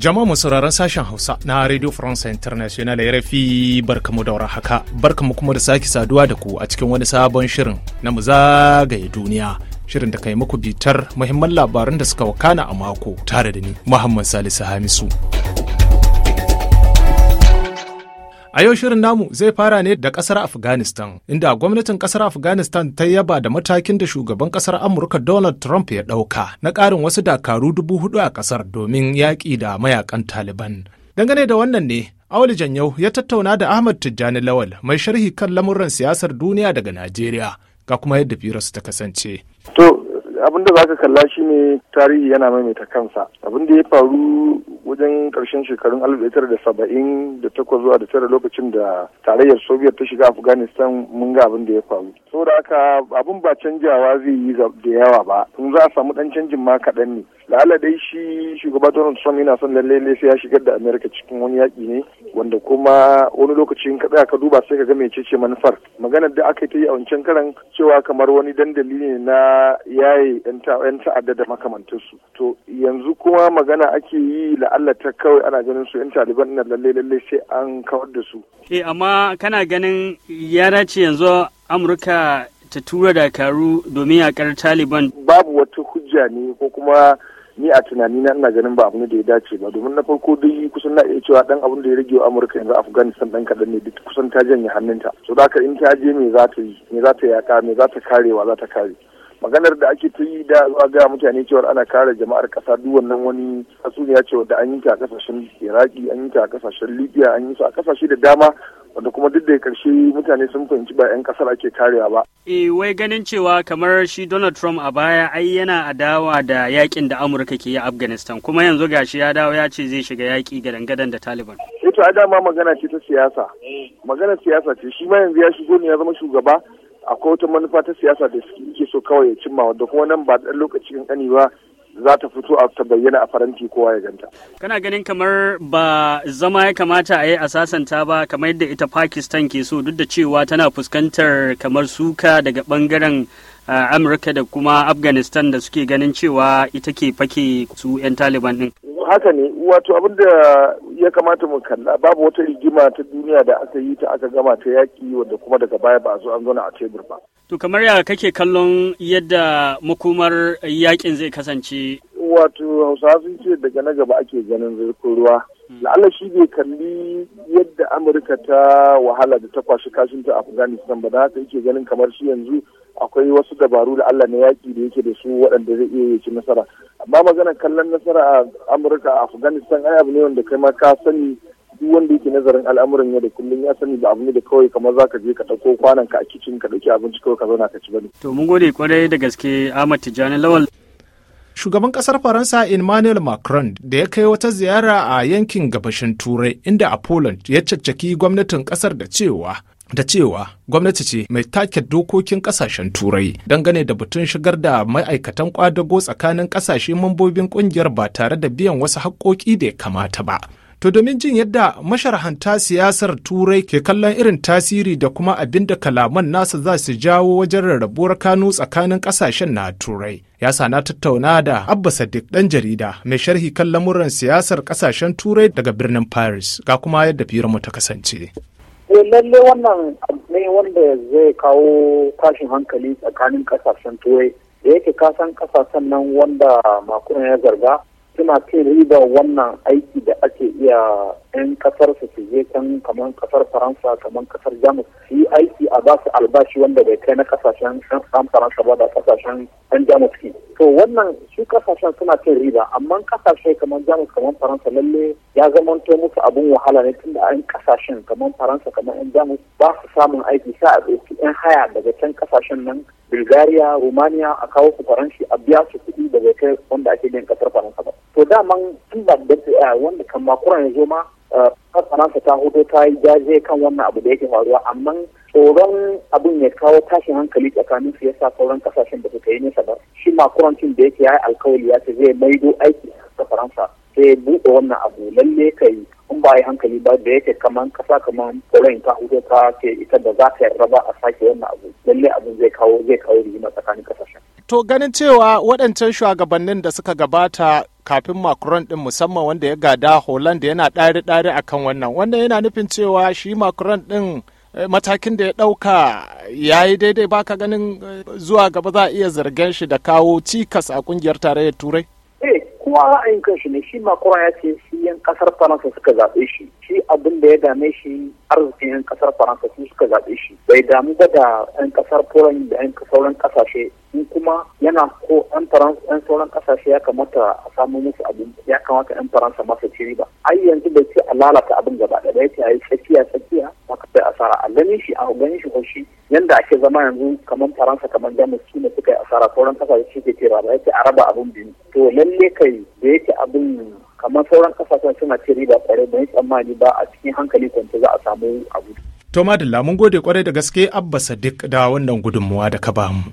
Jama'a mu sauraron sashen Hausa na Radio France International RFI barkamu da haka barkamu kuma da sake saduwa da ku a cikin wani sabon shirin na mu zagaye duniya. Shirin da kai muku bitar muhimman labaran da suka wakana a mako tare da ni Muhammad Salisu Hamisu. A yau shirin namu zai fara ne da kasar Afghanistan, inda gwamnatin kasar Afghanistan ta yaba da matakin da shugaban kasar Amurka Donald Trump ya ɗauka na ƙarin wasu dakaru dubu hudu a kasar domin yaƙi da mayakan Taliban. Dangane da wannan ne, Awali Janyau ya tattauna da Ahmad Tijjani Lawal mai sharhi kan lamuran siyasar duniya daga Najeriya, ga kuma yadda firarsu ta kasance. To, abin da zaka kalla shi ne tarihi yana maimaita kansa abin da ya faru wajen karshen shekarun 1978 zuwa da tara lokacin da tarayyar soviet ta shiga afghanistan mun ga abin da ya faru saboda haka abin ba canjawa zai yi da yawa ba in za a samu dan canjin ma kaɗan ne la'ala dai shi shugaba donald trump yana son lalle lalle sai ya shigar da america cikin wani yaƙi ne wanda kuma wani lokacin ka tsaya ka duba sai ka ga cece manufar maganar da aka yi a wancan karan cewa kamar wani dandali ne na yaye yan ta'adda da makamantarsu to yanzu kuma magana ake yi la'alla ta kawai ana ganin su yan taliban na lalle lalle sai an kawar da su eh amma kana ganin ya dace yanzu amurka ta tura dakaru domin yakar taliban babu wata hujja ne ko kuma ni a tunani na ina ganin ba abu ne da ya dace ba domin na farko dai kusan na iya cewa dan abun da ya rage wa Amurka yanzu Afghanistan dan kadan ne duk kusan ta janye hannunta so da haka in ta je me za ta yi me za ta yaka me za ta kare wa za ta kare maganar da ake ta yi da zuwa ga mutane cewar ana kare jama'ar kasa duk wannan wani asuni ya ce da an yi ta a kasashen iraki an yi ta a kasashen libya an yi su a kasashe da dama wanda kuma duk da karshe mutane sun fahimci ba 'yan kasar ake karewa ba. E wai ganin cewa kamar shi Donald Trump a baya ai yana adawa da yakin da Amurka ke yi Afghanistan kuma yanzu gashi ya dawo ya ce zai shiga yaki gadan-gadan da Taliban. Ito eh a dama magana ce ta siyasa. Magana siyasa ce shi ma yanzu ya shigo ne ya zama shugaba akwai wata manufa ta siyasa da suke so kawai ya cimma wadda kuma nan ba ɗan lokacin kani ba za ta fito a ta bayyana a faranti kowa ya ganta. Kana ganin kamar ba zama ya kamata a yi a sasanta ba kamar yadda ita Pakistan ke so duk da cewa tana fuskantar kamar suka daga bangaren Amurka da kuma Afghanistan da suke ganin cewa ita ke fake su 'yan Taliban ɗin. Haka ne, wato abin da ya kamata mu kalla babu wata rigima ta duniya da aka yi ta aka gama ta yaƙi wanda kuma daga baya ba a zo an zauna a tebur ba. To kamar ya kake kallon yadda makomar yaƙin zai kasance? Wato Hausawa sun ce daga na gaba ake ganin zirkon ruwa la'alla shi bai kalli yadda amurka ta wahala da ta kwashi ta afghanistan ba da haka yake ganin kamar shi yanzu akwai wasu dabaru da allah na yaƙi da yake da su waɗanda zai iya yaki nasara amma maganar kallon nasara a amurka a afghanistan ai abu ne wanda kai ma ka sani duk wanda yake nazarin al'amuran yau da kullum ya sani ba abu ne da kawai kamar za ka je ka ɗauko kwanan ka a kicin ka ɗauki abinci kawai ka zauna ka ci bane. to mun gode kwarai da gaske ahmad tijjani lawal. shugaban kasar faransa emmanuel macron da ya kai wata ziyara a yankin gabashin turai inda a poland ya caccaki gwamnatin kasar da cewa da cewa gwamnati ce mai take dokokin kasashen turai dangane da batun shigar da ma'aikatan kwadago tsakanin kasashe mambobin kungiyar ba tare da biyan wasu haƙoƙi da ya kamata ba To domin jin yadda masharhanta siyasar Turai ke kallon irin tasiri da kuma abin da kalaman nasa za su jawo wajen rarrabuwar kanu tsakanin kasashen na Turai. Ya sana tattauna da Abba Sadiq ɗan jarida mai sharhi kan lamuran siyasar kasashen Turai daga birnin Paris ga kuma yadda mu ta kasance. Eh, lalle wannan ne wanda zai kawo tashin hankali tsakanin kasashen Turai da yake kasan kasashen nan wanda makuna ya zarga suna kai riba wannan aiki da ake iya 'yan kasar su su je can kamar kasar faransa kamar kasar jamus su yi aiki a ba su albashi wanda bai kai na kasashen san faransa ba da kasashen yan jamus ki to wannan su kasashen suna cin riba amma kasashe kamar jamus kamar faransa lalle ya zamanto musu abun wahala ne tunda an kasashen kamar faransa kamar yan jamus ba su samun aiki sa a ɗauki yan haya daga can kasashen nan bulgaria rumania a kawo su a biya su kuɗi daga kai wanda ake yin kasar faransa ba to daman tun ba da eh, wanda kan makura ya zo ma faransa uh, ta hudu ta yi jaje kan wannan abu da yake faruwa amma tsoron abin ya kawo tashin hankali tsakanin su yasa sauran kasashen da suka yi nesa ba shi makurancin da yake ya yi alkawali ya ce zai maido aiki ga faransa sai buɗe wannan abu lalle kai in ba yi hankali ba da yake kaman kasa kaman koren ta hudu ta ke ita da za ta yarda a sake wannan abu lalle abin zai kawo zai kawo rigima tsakanin kasashen. To ganin cewa waɗancan shugabannin da suka gabata kafin Macron ɗin musamman wanda ya gada Holland yana ɗari-ɗari a kan wannan. Wannan yana nufin cewa shi Macron ɗin eh, matakin da ya ɗauka ya yi daidai ba ka ganin eh, zuwa gaba za a iya zargen shi da kawo cikas a ƙungiyar tarayyar Turai? kowa ra'ayin kanshi ne shi makura ya ce shi yan kasar faransa suka zaɓe shi shi abin da ya dame shi arzikin yan kasar faransa su suka zaɓe shi bai damu ba da yan kasar poland da yan sauran kasashe mu kuma yana ko yan faransa yan sauran kasashe ya kamata a samu musu abin ya kamata yan faransa masa ci riba ai yanzu bai ce a lalata abin gaba da ya ce a yi tsakiya tsakiya ka kai asara a ganin shi a ganin shi ko shi yanda ake zama yanzu kamar faransa kamar jamus su ne suka yi asara sauran kasashe su ke tera ba ya ce a raba abin biyu to lalle kai da ce abin kamar sauran kasashen suna ce riba kwarai bai tsammani ba a cikin hankali kwance za a samu abu. toma da mun gode kwarai da gaske Abba Sadiq da wannan gudunmuwa da ka bamu.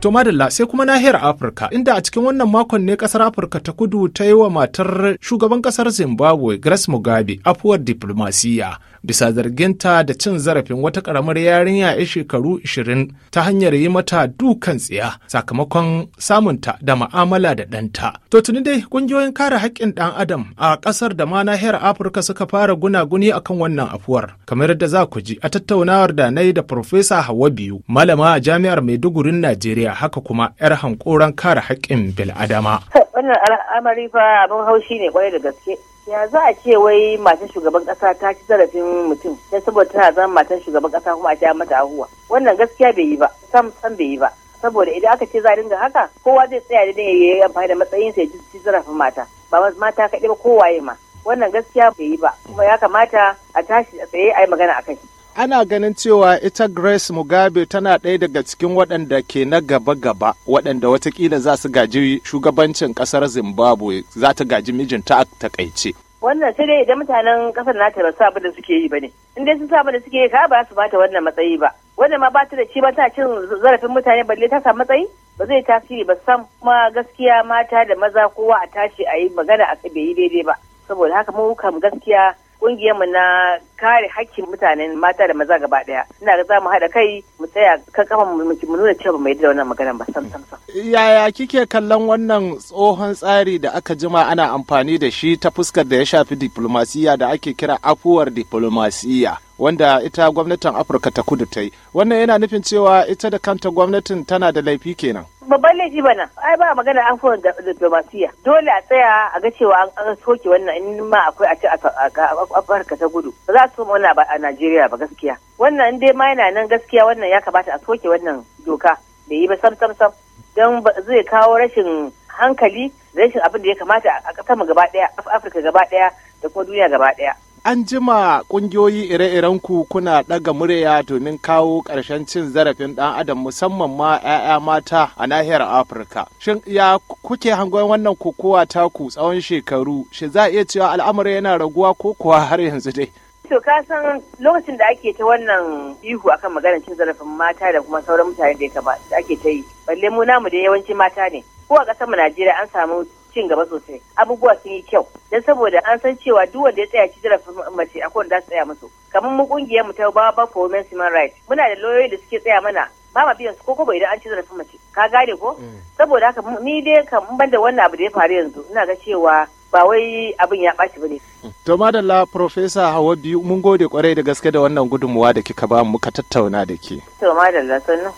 To madalla sai kuma nahiyar Afirka inda a cikin wannan makon ne kasar Afirka ta kudu ta yi wa matar shugaban kasar Zimbabwe Grace Mugabe afuwar diplomasiya bisa zarginta da cin zarafin wata ƙaramar yarinya ya shekaru 20 ta hanyar yi mata dukan tsiya sakamakon samunta da ma'amala da ɗanta. To tuni dai ƙungiyoyin kare haƙƙin ɗan adam a ƙasar da ma nahiyar Afirka suka fara gunaguni akan wannan afuwar. Kamar yadda za ku ji a tattaunawar da na yi da Farfesa Hawa Biyu, malama a Jami'ar Maidugurin Najeriya haka kuma 'yar hankoran kare haƙƙin bil'adama. Wannan al'amari fa abin haushi ne kwarai da gaske. ya za a ce wai matan shugaban kasa ta ci zarafin mutum sai saboda tana zama matan shugaban kasa kuma a ta mata ahuwa wannan gaskiya bai yi ba sam sam bai yi ba saboda idan aka ce za a dinga haka kowa zai tsaya da ya yi amfani da matsayin sa ya ci zarafin mata ba mata kaɗai ba kowaye ma wannan gaskiya bai yi ba kuma ya kamata a tashi a tsaye ayi magana a kai ana ganin cewa ita grace mugabe tana ɗaya daga cikin waɗanda ke na gaba-gaba waɗanda watakila za su gaji shugabancin ƙasar zimbabwe za ta gaji mijinta a takaice wannan sai dai idan mutanen ƙasar nata ba sa da suke yi ba ne in dai sun sa da suke yi ka ba su bata wannan matsayi ba wannan ma ta da shi ba ta cin zarafin mutane balle ta samu matsayi ba zai tasiri ba san kuma gaskiya mata da maza kowa a tashi a yi magana a bai daidai ba saboda haka mu kam gaskiya kungiyarmu na kare hakkin mutanen mata da maza gaba daya ina ga za mu haɗa kai mu tsaya kan kafa mu nuna cewa mai da wannan magana ba sam sam sam yaya kike kallon wannan tsohon tsari da aka jima ana amfani da shi ta fuskar da ya shafi diplomasiya da ake kira afuwar diplomasiya wanda ita gwamnatin afirka ta kudu ta yi wannan yana nufin cewa ita da kanta gwamnatin tana da laifi kenan babban laifi bana ai ba magana an da diplomasiya dole a tsaya a ga cewa an soke wannan in ma akwai a a afirka ta gudu ba za su mana ba a najeriya ba gaskiya wannan in dai ma yana nan gaskiya wannan ya kamata a soke wannan doka bai yi ba sam sam sam don zai kawo rashin hankali rashin abin da ya kamata a kasa gaba ɗaya afirka gaba ɗaya da kuma duniya gaba ɗaya an jima kungiyoyi ire-iren ku kuna ɗaga murya domin kawo karshen cin zarafin ɗan adam musamman ma 'ya'ya mata a nahiyar afirka shin ya kuke hangon wannan kokowa ku tsawon shekaru shi za a iya cewa al'amura yana raguwa ko kuwa har yanzu dai to ka san lokacin da ake ta wannan ihu akan maganar cin zarafin mata da kuma sauran mutane da ya kama ake ta yi balle mu namu da yawancin mata ne ko a ƙasar mu najeriya an samu cin gaba sosai abubuwa sun yi kyau dan saboda an san cewa duk wanda ya tsaya ci zarafin mace akwai wanda za su tsaya musu kamar mu kungiyar mu ta Baba for Women's Human Rights muna da lauyoyi da suke tsaya mana ba ma biyan su ko kuma idan an ci zarafin mace ka gane ko mm. saboda haka ni dai kan in banda wannan abu da ya faru yanzu ina ga cewa ba wai abin ya ɓaci ba ne. Mm. To madalla Profesa Hawa biyu mun gode kwarai da gaske da wannan gudunmuwa da kika ba mu muka tattauna da ke. To madalla sannan.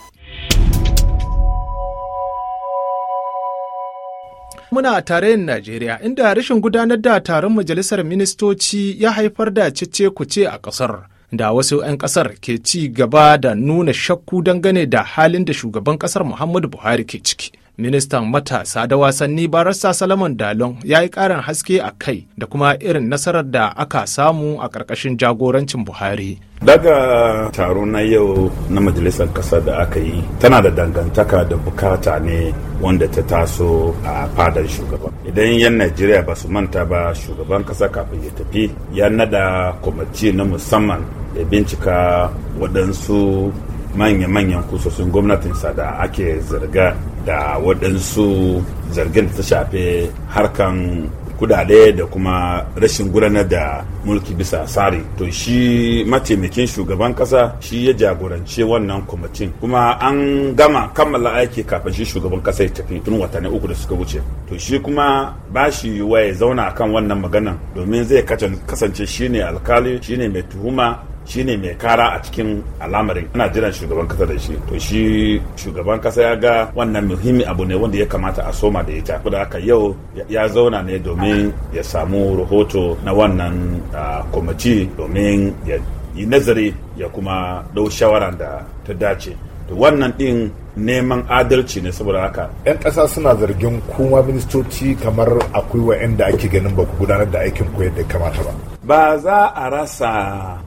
Muna tare tarayyar Najeriya inda rashin gudanar da taron majalisar ministoci ya haifar da cece kuce a ƙasar. Da wasu 'yan ƙasar ke ci gaba da nuna shakku dangane da halin da shugaban ƙasar Muhammadu Buhari ke ciki. Ministan matasa da wasanni Barassa Salaman Dalon ya yi karin haske a kai da kuma irin nasarar da aka samu a ƙarƙashin jagorancin Buhari. daga taro na yau na majalisar ƙasa da aka yi tana da dangantaka da bukata ne wanda ta taso a fadar shugaban idan yan najeriya ba su manta ba shugaban ƙasa kafin ya tafi ya nada kwamaci na musamman ya bincika waɗansu manya-manyan gwamnatin gwamnatinsa da ake zarga da waɗansu zargin da ta shafe harkan kudade da kuma rashin gudanar da mulki bisa tsari to shi mataimakin shugaban kasa shi ya jagorance wannan kwamitin kuma an gama kammala aiki kafin shi shugaban kasa ya tafi tun watanni uku da suka wuce to shi kuma ba shi yiwuwa ya zauna akan wannan maganan domin zai kasance shine alkali shine mai tuhuma shine mai kara a cikin al'amarin ana jiran shugaban kasa da shi to shi shugaban kasa ya ga wannan muhimmi abu ne wanda ya kamata a soma da ita da haka yau ya zauna ne domin ya samu rahoto na wannan kwamiti domin ya yi nazari ya kuma dau shawaran da ta dace to wannan din neman adalci ne saboda haka yan ƙasa suna zargin kuma ministoci kamar akwai wa'anda ake ganin ba ku gudanar da aikin ku yadda kamata ba ba za a rasa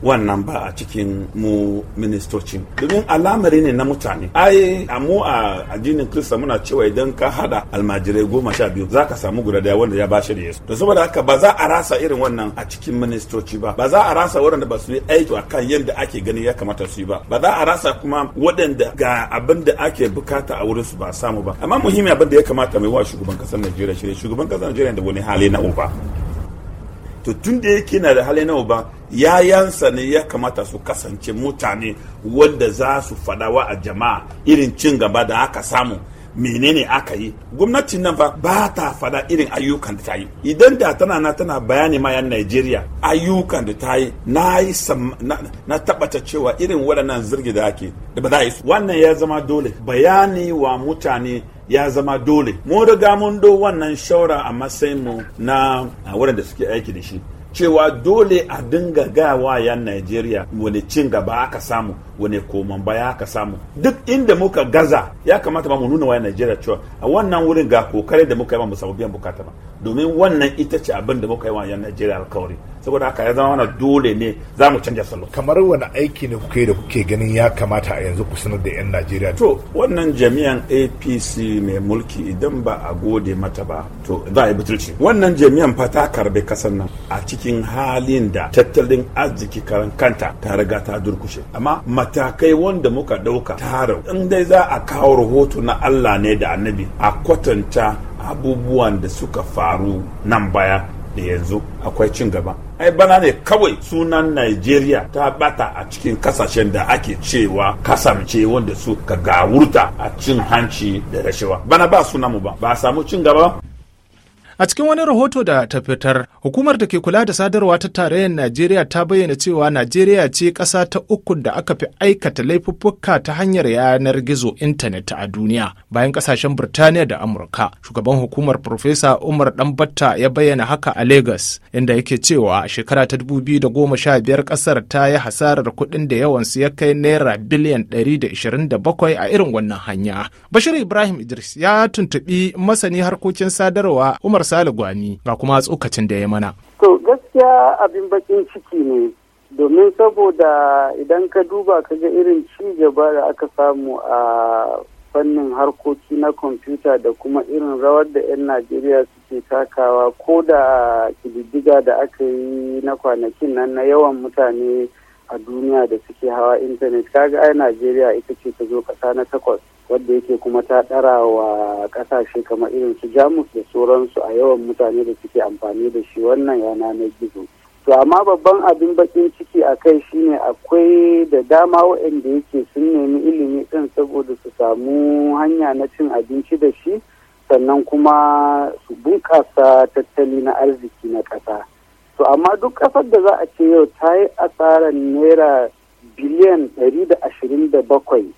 wannan ba a cikin mu ministocin domin alamari ne na mutane ai a mu a addinin krista muna cewa idan ka hada almajirai goma sha biyu za ka samu guda daya wanda ya bashi da yesu to saboda haka ba za a rasa irin wannan a cikin ministoci ba ba za a rasa waɗanda ba su yi aiki akan yadda ake gani ya kamata su yi ba ba za a rasa kuma waɗanda ga abin da ake bukata a wurin su ba samu ba amma muhimmi abin da ya kamata mai wa shugaban kasar najeriya shi shugaban kasar najeriya da wani hali na uba to tun da yake na da hali nawa ba ya yansa ne ya kamata su kasance mutane wanda za su fadawa a jama'a irin cin gaba da aka samu menene aka yi gwamnatin nan fa ba ta fada irin ayyukan da ta yi idan da tana na tana bayani ma yan Najeriya ayyukan da ta yi na yi na tabbata cewa irin waɗannan zirgi da ake da ba za yi su wannan ya zama dole bayani wa mutane ya zama dole mu riga mun do wannan shaura a matsayin mu na wurin da suke aiki da shi cewa dole a dinga gawa yan Najeriya wani cin gaba aka samu wani koman baya aka samu duk inda muka gaza ya kamata ba mu nuna wa Najeriya cewa a wannan wurin ga kokare da muka yi ba mu samu biyan bukata ba domin wannan ita ce abin da muka yi wa yan Najeriya alkawari saboda haka ya zama mana dole ne za mu canja salo kamar wani aiki ne kuke da kuke ganin ya kamata a yanzu ku sanar da 'yan najeriya to wannan jami'an apc mai mulki idan ba a gode mata ba to za a yi butulci wannan jami'an fa ta karbe kasar nan a cikin halin da tattalin arziki karan kanta ta riga ta durkushe amma matakai wanda muka ɗauka. tara in dai za a kawo rahoto na allah ne da annabi a kwatanta abubuwan da suka faru nan baya da yanzu akwai cin gaba ai bana ne kawai sunan Najeriya ta bata a cikin kasashen da ake cewa kasance wanda su ka gawurta a cin hanci da rashawa bana ba mu ba ba samu cin gaba A cikin wani rahoto da ta fitar, hukumar da ke kula da sadarwa ta tarayyar Najeriya ta bayyana cewa Najeriya ce ƙasa ta uku da aka fi aikata laifuffuka ta hanyar yanar gizo intanet a duniya bayan ƙasashen Birtaniya da Amurka. Shugaban hukumar Profesa Umar Ɗanbatta ya bayyana haka a Legas, inda yake cewa a shekara ta dubu biyu da goma sha biyar ƙasar ta yi hasarar kuɗin da yawan su ya kai naira biliyan ɗari da da bakwai a irin wannan hanya. Bashir Ibrahim Idris ya tuntuɓi masani harkokin sadarwa Umar da Gwani ga kuma tsokacin da ya mana. To gaskiya abin bakin ciki ne domin saboda idan ka duba ka ga irin ci gaba da aka samu a fannin harkoki na kwamfuta da kuma irin rawar da 'yan Najeriya suke takawa ko da kididdiga da aka yi na kwanakin nan na yawan mutane a duniya da suke hawa intanet kaga ai najeriya ita ce ta zo kasa na takwas wadda yake kuma ta ɗara wa ƙasashe kamar irin su jamus da sauransu a yawan mutane da suke amfani da shi wannan yana na gizo to amma babban abin bakin ciki a kai shine akwai da dama waɗanda yake sun nemi ilimi ɗin saboda su samu hanya na cin abinci da shi sannan kuma su bunƙasa tattali na arziki na ƙasa to amma duk ƙasar da za a ce yau ta yi asarar naira biliyan 127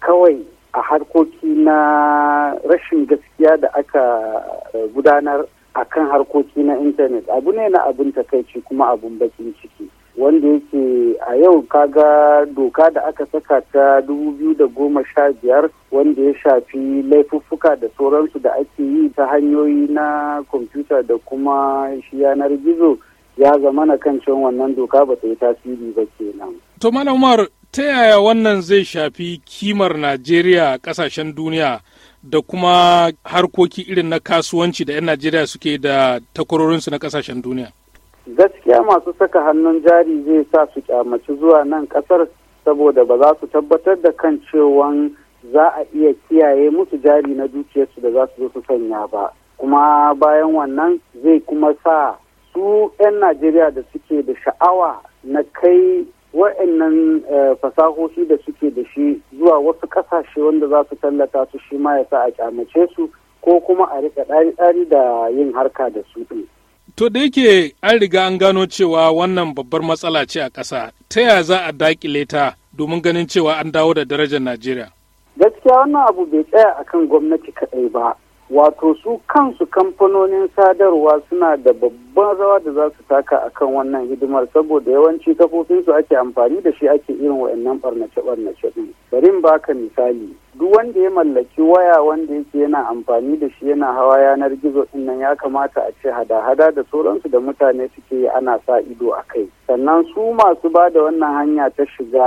kawai a harkoki na rashin gaskiya da aka gudanar a kan harkoki na intanet abu ne na abin takaici kuma abun bakin ciki wanda yake a yau kaga doka da aka saka ta 2015 wanda ya shafi laifuffuka da sauransu da ake yi ta hanyoyi na kwamfuta da kuma shi yanar gizo ya zama na kan cewa wannan doka ba ta yi tasiri ba kenan. To Malam Umar ta yaya wannan zai shafi kimar Najeriya a ƙasashen duniya da kuma harkoki irin na kasuwanci da 'yan Najeriya suke da takwarorinsu na ƙasashen duniya? Gaskiya masu saka hannun jari zai sa su kyamaci zuwa nan ƙasar saboda ba za su tabbatar da kan cewa za a iya kiyaye musu jari na dukiyarsu da za su zo su sanya ba. Kuma bayan wannan zai kuma sa su 'yan najeriya da suke da sha'awa na kai wa'annan eh, fasahohi da suke da shi zuwa wasu ƙasashe wanda za su tallata su shi ma ya sa a kyamace su ko kuma a rika ɗari-ɗari da yin harka da su ɗin. To da yake an riga an gano cewa wannan babbar matsala ce a ƙasa, ta ya za a daƙile ta domin ganin cewa an dawo da darajar Najeriya? Gaskiya wannan abu bai tsaya a kan gwamnati kaɗai ba, wato su kansu kamfanonin sadarwa suna da babbar babban rawa da za su taka a kan wannan hidimar saboda yawanci kafofin su ake amfani da shi ake irin wa'annan barnace-barnace din barin baka misali duk wanda ya mallaki waya wanda yake yana amfani da shi yana hawa yanar gizo din nan ya kamata a ce hada-hada da sauransu da mutane suke yi ana sa ido a kai sannan su masu ba da wannan hanya ta shiga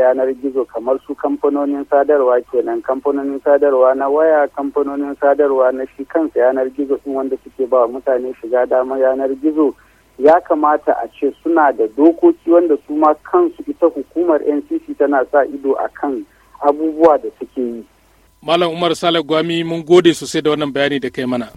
yanar gizo kamar su kamfanonin sadarwa kenan kamfanonin sadarwa na waya kamfanonin sadarwa na shi kansa yanar gizo din wanda suke ba mutane shiga damar yanar gizo ya kamata a ce suna da dokoki wanda su ma kansu ita hukumar ncc tana sa ido a kan abubuwa da suke yi malam umar sale gwami mun gode sosai da wannan bayani da kai mana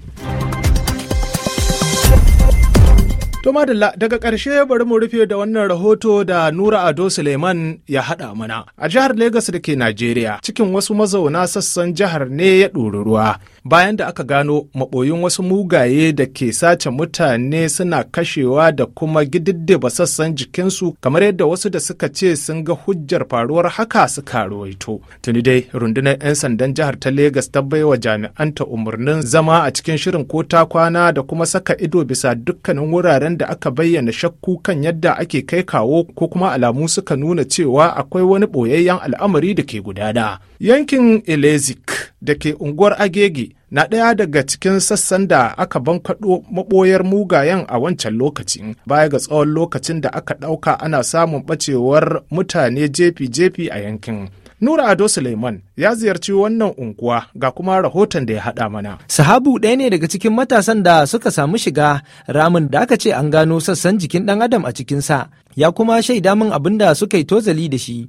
to madalla daga ƙarshe bari mu rufe da wannan rahoto da nura ado suleiman ya haɗa mana a jihar Legas da ke najeriya cikin wasu mazauna sassan jihar ne ya ɗori ruwa bayan da aka gano maɓoyin wasu mugaye da ke sace mutane suna kashewa da kuma gididdiba sassan jikinsu kamar yadda wasu da suka ce sun ga hujjar faruwar haka suka ruwaito Tuni dai rundunar 'yan sandan jihar ta Legas ta baiwa jami'anta umarnin zama a cikin shirin ko ta kwana da kuma saka ido bisa dukkanin wuraren da aka bayyana shakku kan yadda ake kai kawo ko kuma alamu suka nuna cewa akwai wani ɓoyayyen al'amari da ke gudana. Yankin Elezik da ke unguwar agege na ɗaya daga cikin sassan da aka bankaɗo maɓoyar mugayen a wancan lokaci baya ga tsawon lokacin da aka ɗauka ana samun ɓacewar mutane jefi-jefi a yankin Nura Ado Suleiman ya ziyarci wannan unguwa ga kuma rahoton da ya haɗa mana. Sahabu ɗaya ne daga cikin matasan da suka samu shiga ramin da aka ce an gano sassan jikin ɗan adam a cikinsa ya kuma shaida min abin da suka yi tozali da shi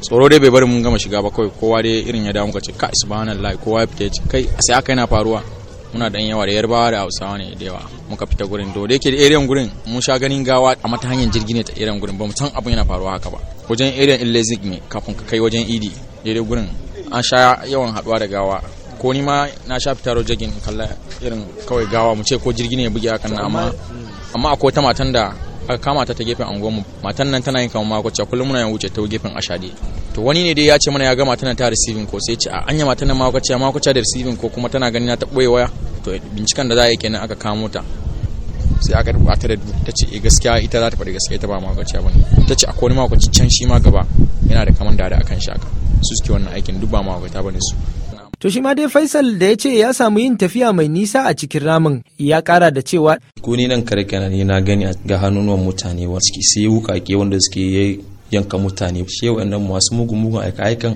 tsoro dai bai bari mun gama shiga ba kawai kowa dai irin ya damu ka ce ka kowa ya fita kai sai aka yana faruwa muna dan yawa da yarbawa da hausawa ne da yawa muka fita gurin to da yake da area gurin mun sha ganin gawa a mata hanyar jirgi ne ta area gurin ba mu san abin yana faruwa haka ba wajen area in lezik ne kafin ka kai wajen idi daidai gurin an sha yawan haduwa da gawa ko ni ma na sha fitaro jirgin kalla irin kawai gawa mu ce ko jirgi ne ya buge hakan amma amma akwai ta matan da aka kama ta ta gefen anguwanmu matan nan tana yin kama ma kwacce kullum muna yin wuce ta gefen ashade to wani ne dai ya ce mana ya ga matan nan ta receiving ko sai ce a anya matan nan ma kwacce da receiving ko kuma tana ganin ta boye waya to binciken da za a yi kenan aka kamo ta sai aka rubuta da ta ce eh, gaskiya ita za ta faɗi gaskiya ita ba kwacce bane ta ce akwai wani makwacce can shi ma gaba yana da kaman da akan shaka su suke wannan aikin duk ba kwacce bane su To shi ma dai Faisal da ya ce ya samu yin tafiya mai nisa a cikin ramin ya kara da cewa. Ko ni nan kare kana ne na gani ga hannuwan mutane wa suke sai wukake wanda suke yanka mutane shi wa'annan masu mugun mugun aika aikan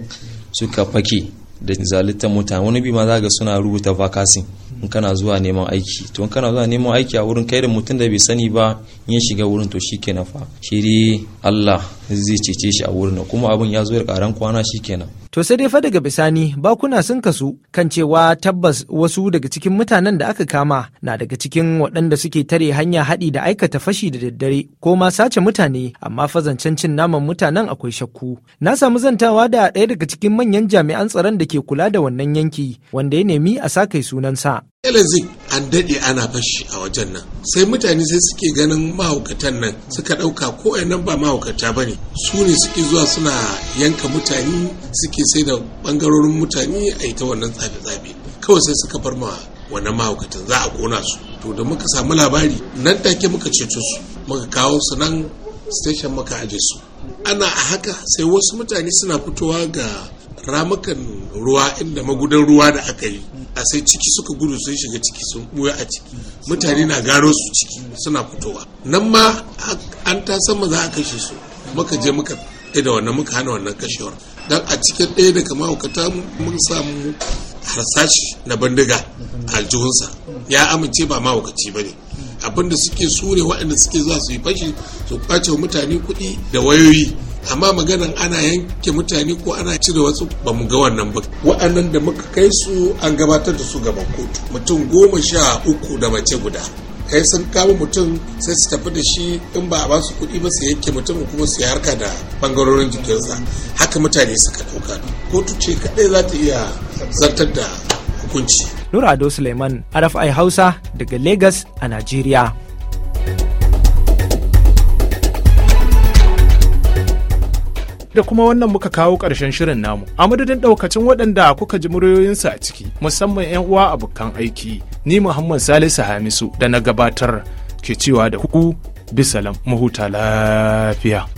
suka fake da zalitan mutane wani bi ma za ga suna rubuta vakasin in kana zuwa neman aiki to in kana zuwa neman aiki a wurin kai da mutum da bai sani ba in shiga wurin to shikenan fa shi Allah zai cece shi a wurin kuma abin ya zo da karan kwana shikenan To sai dai fa daga bisani bakuna sun kasu kan cewa tabbas wasu daga cikin mutanen da aka kama na daga cikin waɗanda suke tare hanya haɗi da aikata fashi da daddare ko ma sace mutane amma fazancen cin naman mutanen akwai shakku. Na samu zantawa da ɗaya daga cikin manyan jami'an tsaron da ke kula da wannan yanki wanda ya nemi a sa kai sunansa. elazig an daɗe ana fashi a wajen nan sai mutane sai suke ganin mahaukatan nan suka ɗauka ko nan ba mahaukata ba ne su ne suke zuwa suna yanka mutane suke sai da ɓangarorin mutane a ita wannan tsafe-tsafe kawai sai suka farma wannan mahaukatan za a kona su to da muka samu labari nan take muka ceto su muka kawo su nan station muka aje su ana a haka sai wasu mutane suna fitowa ga ramukan ruwa inda magudan ruwa da aka yi a sai ciki suka gudu sun shiga ciki sun buya a ciki mutane na gano su ciki suna fitowa nan ma an ta sama za a kashe su muka je muka da wannan muka hana wannan kashewar don a cikin ɗaya daga mahaukata mun samu harsashi na bindiga aljihunsa ya amince ba mahaukaci ba ne abinda suke sure waɗanda suke zuwa su yi fashi su kwace mutane kuɗi da wayoyi amma maganan ana yanke mutane ko ana cire wasu ba mu ga wannan ba wa'annan da muka kai su an gabatar da su gaban kotu mutum goma sha uku da mace guda kai sun kama mutum sai su tafi da shi in ba a ba su kuɗi ba su yanke mutum kuma su harka da bangarorin jikinsa haka mutane suka ɗauka kotu ce kaɗai za ta iya zartar da hukunci. Nura Ado Suleiman, RFI Hausa daga Lagos a Najeriya. da kuma wannan muka kawo ƙarshen shirin namu a madadin ɗaukacin waɗanda kuka ji muryoyinsu a ciki musamman 'yan uwa abokan aiki ni muhammad salisu hamisu da na gabatar ke cewa da huku bisalam mahuta lafiya